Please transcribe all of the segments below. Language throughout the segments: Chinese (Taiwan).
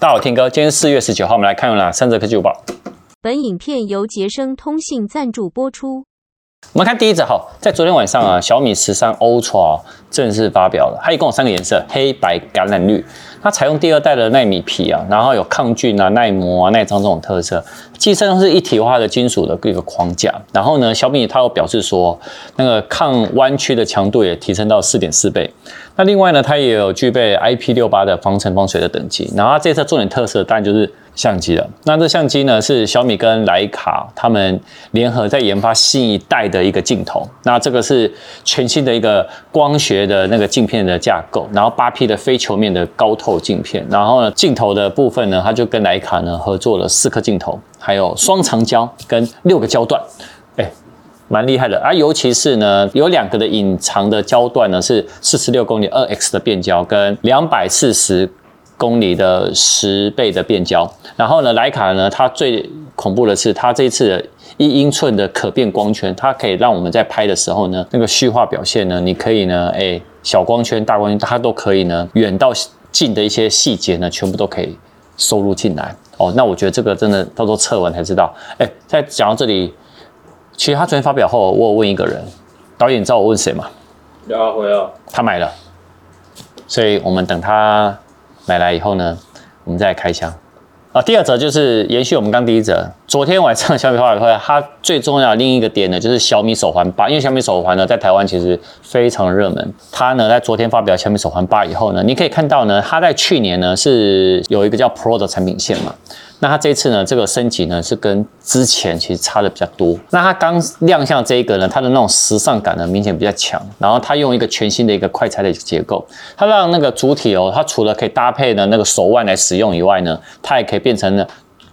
大家好，Tim 哥，今天四月十九號，我們來看了三則科技午報。本影片由傑昇通信贊助播出。我們看第一則哈，在昨天晚上啊，小米十三 Ultra 正式發表了，它一共有三個顏色，黑白、橄欖綠。它採用第二代的奈米皮啊，然後有抗菌啊、耐磨啊、耐髒這種特色。機身是一體化的金屬的一個框架，然後呢，小米它又表示說，那個抗彎曲的強度也提升到四點四倍。那另外呢，它也有具備 IP68 的防塵防水的等級。然後它這次重點特色，當然就是。相機的，那這相機呢是小米跟徠卡他們聯合在研發新一代的一個鏡頭。那這個是全新的一個光學的那個鏡片的架構，然後八 P 的非球面的高透鏡片，然後呢鏡頭的部分呢，它就跟徠卡呢合作了四顆鏡頭，還有雙長焦跟六個焦段，哎、欸，蠻厲害的。而、啊、尤其是呢，有兩個的隱藏的焦段呢是四十六公里二 X 的變焦跟兩百四十。公里的十倍的變焦，然後呢，徠卡呢，它最恐怖的是，它這次的一英寸的可變光圈，它可以讓我們在拍的時候呢，那個虛化表現呢，你可以呢，誒、欸，小光圈、大光圈，它都可以呢，遠到近的一些細節呢，全部都可以收錄進來。哦，那我覺得這個真的到時候測完才知道。誒、欸，在講到這裡，其實他昨天發表後，我有問一個人，導演你知道我問誰嗎了了？他買了，所以我們等他。買來以後呢，我們再開箱。啊，第二則就是延續我們剛第一則。昨天晚上小米發布會，它最重要的另一個點呢，就是小米手環八，因為小米手環呢在台灣其實非常熱門。它呢在昨天發表小米手環八以後呢，你可以看到呢，它在去年呢是有一個叫 Pro 的產品線嘛。那它這次呢這個升級呢是跟之前其實差的比較多。那它剛亮相這一個呢，它的那種時尚感呢明顯比較強，然後它用一個全新的一個快拆的結構，它讓那個主體哦，它除了可以搭配的那個手腕來使用以外呢，它也可以變成了，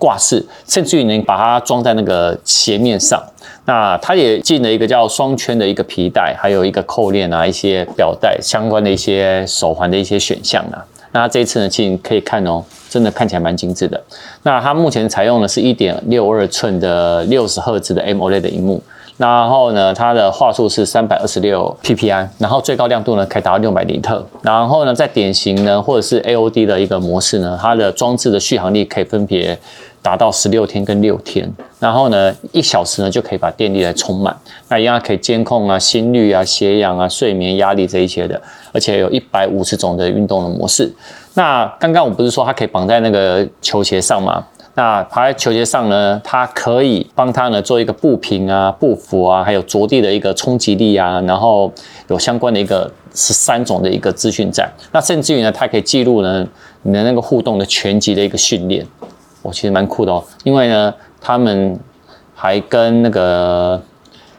掛飾，甚至於能把它裝在那個鞋面上。那它也進了一個叫雙圈的一個皮帶，還有一個扣鏈啊，一些錶帶相關的一些手環的一些選項啊。那這一次呢，進可以看哦，真的看起來蠻精致的。那它目前採用的是一點六二寸的六十赫茲的 AMOLED 的螢幕。然後呢，它的畫素是三百二十六 PPI，然後最高亮度呢可以達到六百尼特。然後呢，在典型呢或者是 AOD 的一個模式呢，它的裝置的續航力可以分別。達到十六天跟六天，然後呢，一小時呢就可以把電力來充滿。那一樣可以監控啊，心率啊，血氧啊，睡眠、壓力這一些的，而且有一百五十種的運動的模式。那剛剛我不是說它可以綁在那個球鞋上嗎？那綁在球鞋上呢，它可以幫它呢做一個步頻啊、步幅啊，還有着地的一個衝擊力啊，然後有相關的一個十三種的一個資訊站。那甚至於呢，它可以記錄呢你的那個互動的拳擊的一個訓練。我其實蠻酷的哦，因為呢，他們還跟那個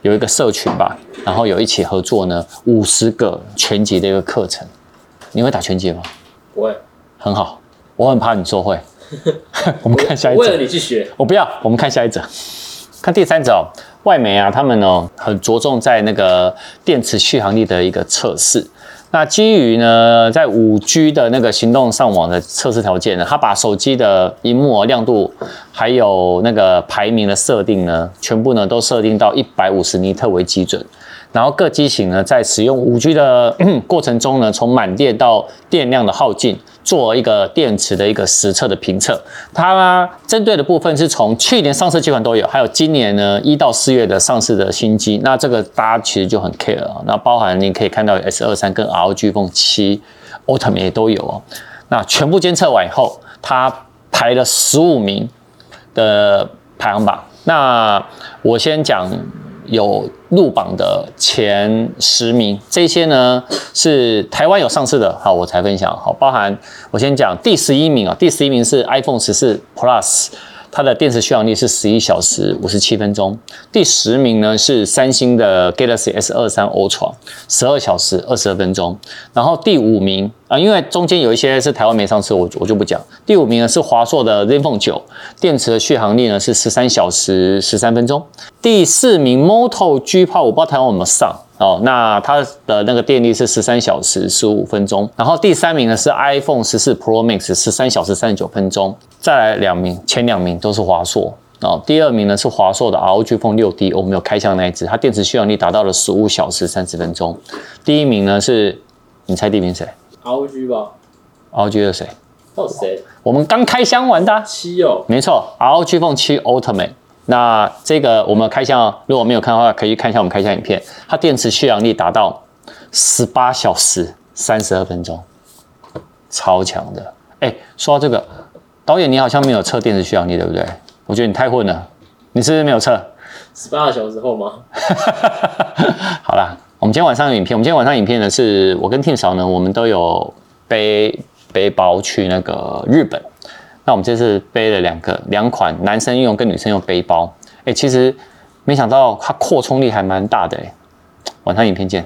有一個社群吧，然後有一起合作呢，五十個拳擊的一個課程。你會打拳擊嗎？不會。很好，我很怕你說會。我， 我們看下一者。為了你去學。我不要。我們看下一者，看第三者哦。外媒啊，他們哦很着重在那個電池續航力的一個測試。那基於呢，在五 G 的那個行動上網的測試條件呢，他把手機的熒幕的亮度還有那個排名的設定呢，全部呢都設定到一百五十尼特為基準。然後各機型呢，在使用五 G 的過程中呢，從滿電到電量的耗盡，做一個電池的一個實測的評測。它呢針對的部分是從去年上市機款都有，還有今年呢一到四月的上市的新機。那這個大家其實就很 care 哦。那包含你可以看到 S 二三跟 ROG Phone 7、嗯、Ultimate 也都有哦。那全部監測完以後，它排了十五名的排行榜。那我先講。有入榜的前十名，這些呢是台灣有上市的，好，我才分享。好，包含我先講第十一名啊，第十一名是 iPhone 14 Plus。它的電池續航力是十一小時五十七分鐘。第十名呢是三星的 Galaxy S23 Ultra，十二小時二十二分鐘。然後第五名啊，因為中間有一些是台灣沒上市，我我就不講。第五名呢是華碩的 ZenFone 9，電池的續航力呢是十三小時十三分鐘。第四名 Moto G P 我不知道台灣有沒有上。哦，那它的那個電力是十三小時十五分鐘，然後第三名呢是 iPhone 十四 Pro Max 十三小時三十九分鐘，再來兩名，前兩名都是華碩。哦，第二名呢是華碩的 ROG Phone 六 D，我們有開箱的那一只，它電池續航力達到了十五小時三十分鐘。第一名呢是，你猜第一名誰？ROG 吧。ROG 是誰？哦，誰？我們剛開箱完的。七哦，沒錯，ROG Phone 七 Ultimate。那這個我們開箱，如果沒有看的話，可以看一下我們開箱影片。它電池續航力達到十八小時三十二分鐘，超強的。哎、欸，說到這個，導演你好像沒有測電池續航力，對不對？我覺得你太混了，你是不是沒有測十八小時後嗎？ 好啦，我們今天晚上影片，我們今天晚上影片呢，是我跟 Tim 嫂呢，我們都有背背包去那個日本。那我們這次背了兩個，兩款男生用跟女生用背包，哎，其實沒想到它擴充力還蠻大的誒。晚上影片見。